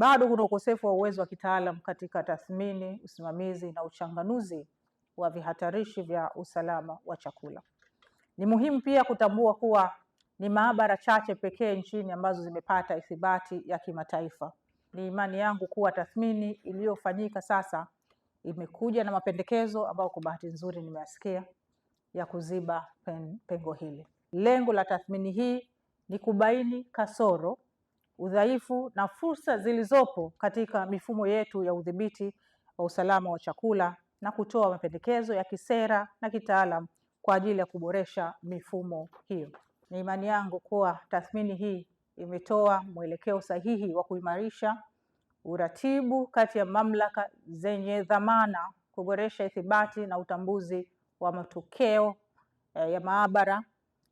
Bado kuna ukosefu wa uwezo wa kitaalam katika tathmini, usimamizi na uchanganuzi wa vihatarishi vya usalama wa chakula. Ni muhimu pia kutambua kuwa ni maabara chache pekee nchini ambazo zimepata ithibati ya kimataifa. Ni imani yangu kuwa tathmini iliyofanyika sasa imekuja na mapendekezo ambayo kwa bahati nzuri nimeyasikia ya kuziba pengo hili. Lengo la tathmini hii ni kubaini kasoro udhaifu na fursa zilizopo katika mifumo yetu ya udhibiti wa usalama wa chakula na kutoa mapendekezo ya kisera na kitaalam kwa ajili ya kuboresha mifumo hiyo. Ni imani yangu kuwa tathmini hii imetoa mwelekeo sahihi wa kuimarisha uratibu kati ya mamlaka zenye dhamana, kuboresha ithibati na utambuzi wa matokeo eh, ya maabara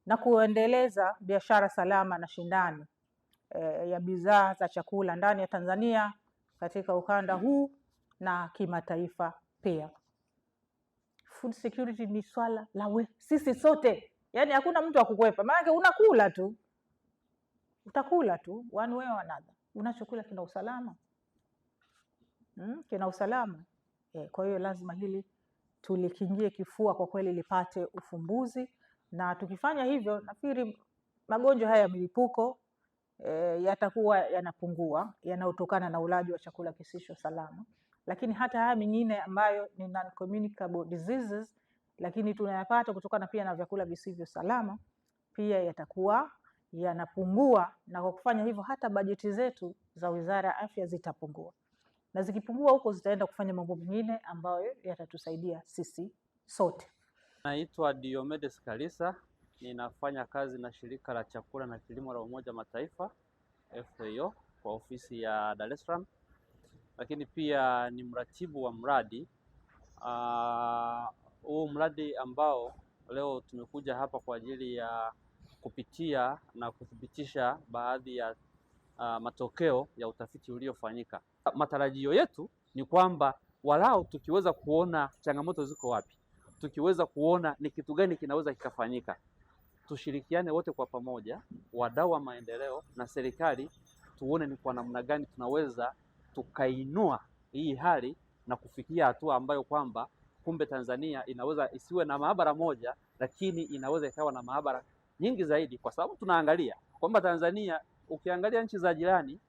na kuendeleza biashara salama na shindani eh, ya bidhaa za chakula ndani ya Tanzania katika ukanda huu na kimataifa pia. Food security ni swala la we sisi sote, yaani hakuna mtu kukwepa maanake unakula tu, utakula tu one way or another. Unachokula kina usalama mm, kina usalama eh, kwa hiyo lazima hili tulikingie kifua kwa kweli lipate ufumbuzi, na tukifanya hivyo nafikiri magonjwa haya ya milipuko e, yatakuwa yanapungua yanayotokana na ulaji wa chakula kisicho salama, lakini hata haya mengine ambayo ni non-communicable diseases, lakini tunayapata kutokana pia na vyakula visivyo salama, pia yatakuwa yanapungua, na kwa kufanya hivyo hata bajeti zetu za Wizara ya Afya zitapungua, na zikipungua huko zitaenda kufanya mambo mengine ambayo yatatusaidia sisi sote. Naitwa Diomedes Kalisa Ninafanya kazi na shirika la chakula na kilimo la Umoja Mataifa FAO kwa ofisi ya Dar es Salaam, lakini pia ni mratibu wa mradi ah, huu uh, mradi ambao leo tumekuja hapa kwa ajili ya kupitia na kuthibitisha baadhi ya uh, matokeo ya utafiti uliofanyika. Matarajio yetu ni kwamba walau tukiweza kuona changamoto ziko wapi, tukiweza kuona ni kitu gani kinaweza kikafanyika tushirikiane wote kwa pamoja, wadau wa maendeleo na serikali, tuone ni kwa namna gani tunaweza tukainua hii hali na kufikia hatua ambayo kwamba kumbe Tanzania inaweza isiwe na maabara moja, lakini inaweza ikawa na maabara nyingi zaidi, kwa sababu tunaangalia kwamba Tanzania, ukiangalia nchi za jirani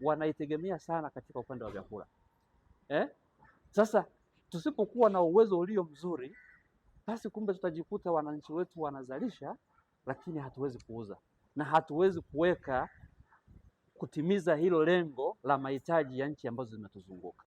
wanaitegemea sana katika upande wa vyakula eh? Sasa tusipokuwa na uwezo ulio mzuri, basi kumbe tutajikuta wananchi wetu wanazalisha lakini hatuwezi kuuza na hatuwezi kuweka kutimiza hilo lengo la mahitaji ya nchi ambazo zinatuzunguka.